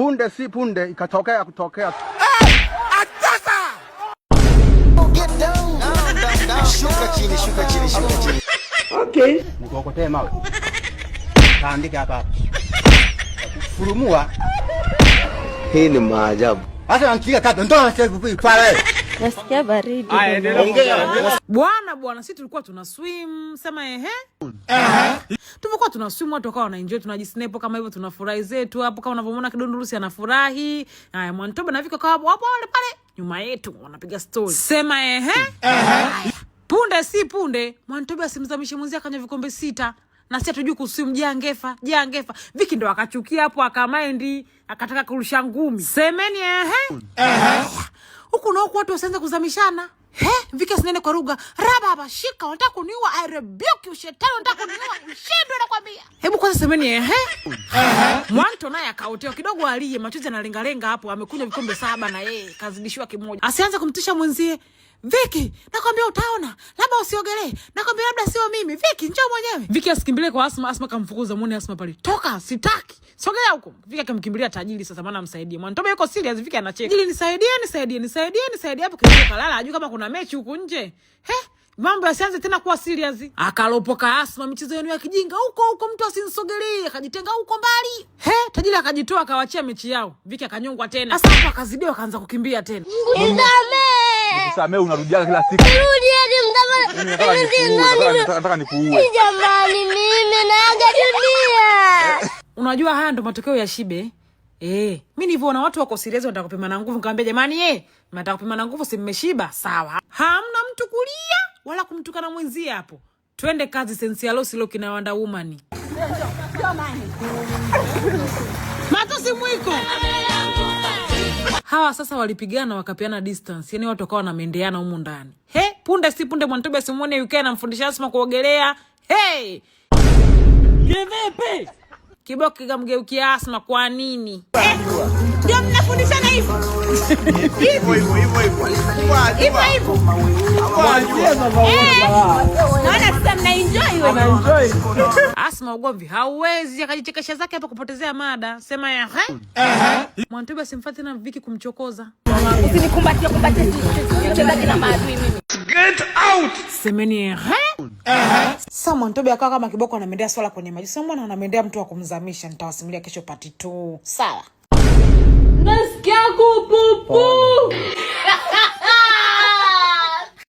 punde si punde ikatokea kutokea nikokotee mawe kaandika hapa furumua. Hii ni maajabu. Sasa antika kata ndo anasema pale Nasikia baridi. Bwana bwana, si tulikuwa tuna swim sema ehe. Tumekuwa tuna swim watu wakawa wanaenjoy, tunajisnepo kama hivyo, tunafurahi zetu hapo kama unavyomwona Kidondurusi anafurahi. Haya, Mwantoba na Viko kawa hapo wale pale nyuma yetu wanapiga story. Sema ehe. Punde si punde, Mwantoba asimzamishe mwenzie akanywa vikombe sita na si atujui kusimu jangefa jangefa Viki ndo akachukia hapo, akamaindi akataka kurusha ngumi. Semeni ehe huku na huku, watu wasianze kuzamishana. He, Vika sinene kwa ruga rababa, shika, unataka kuniua? I rebuke you, shetani, unataka kuniua, ushindwe, nakwambia. Hebu kwanza semeni ehe, uh -huh. Zito naye akaotewa kidogo, alie machozi analengalenga hapo, amekunywa vikombe saba na yeye kazidishiwa kimoja, asianza kumtisha mwenzie Viki, nakwambia utaona, labda usiogelee, nakwambia labda sio mimi. Viki, njoo mwenyewe. Viki asikimbilie kwa Asma, Asma kamfukuza mwone Asma pale. Toka, sitaki. Sogea huko. Viki akamkimbilia tajiri sasa maana amsaidie. Mwantombe yuko serious, Viki anacheka. Tajiri, nisaidie, nisaidie, nisaidie, nisaidie hapo kisha kalala, ajui kama kuna mechi huko nje. He? mambo yasianze tena kuwa serious. Akalopoka Asma, michezo yenu ya kijinga huko huko, mtu asinsogelee, akajitenga huko mbali. He, tajiri akajitoa akawachia mechi yao, Viki akanyongwa tena. Sasa hapo akazidiwa, akaanza kukimbia tena. Nisamee, unarudia kila siku. rudi hadi Nataka nikuue jamani, mimi naaga dunia. Unajua haya ndo matokeo ya shibe. Eh, mimi nilivyoona watu wako serious wanataka kupima na nguvu, nikamwambia jamani, eh, mnataka kupima na nguvu, si mmeshiba? Sawa, hamna mtu kulia wala kumtukana mwenzie hapo. Twende kazi, sensialosilo kina wanda umani matusi mwiko hawa sasa walipigana wakapeana distance, yani watu wakawa wanamendeana humu ndani. He, punde si punde Mwantobe asimwone UK anamfundisha Asma kuogelea. Hey, kivipi? Kiboko kikamgeukia Asma, kwa nini ndio mnafundishana hivyo hivyo hivyo hivyo hivyo? Asma ugomvi hauwezi akajichekesha zake hapa kupotezea mada. Sema ya eh? Mwantube simfati na Viki kumchokoza. Semeni ya eh? Sasa Mwantube akawa kama kiboko anamendea swala kwenye maji. Sasa mbona anamendea mtu wa kumzamisha? Nitawasimulia kesho pati tu. Sawa.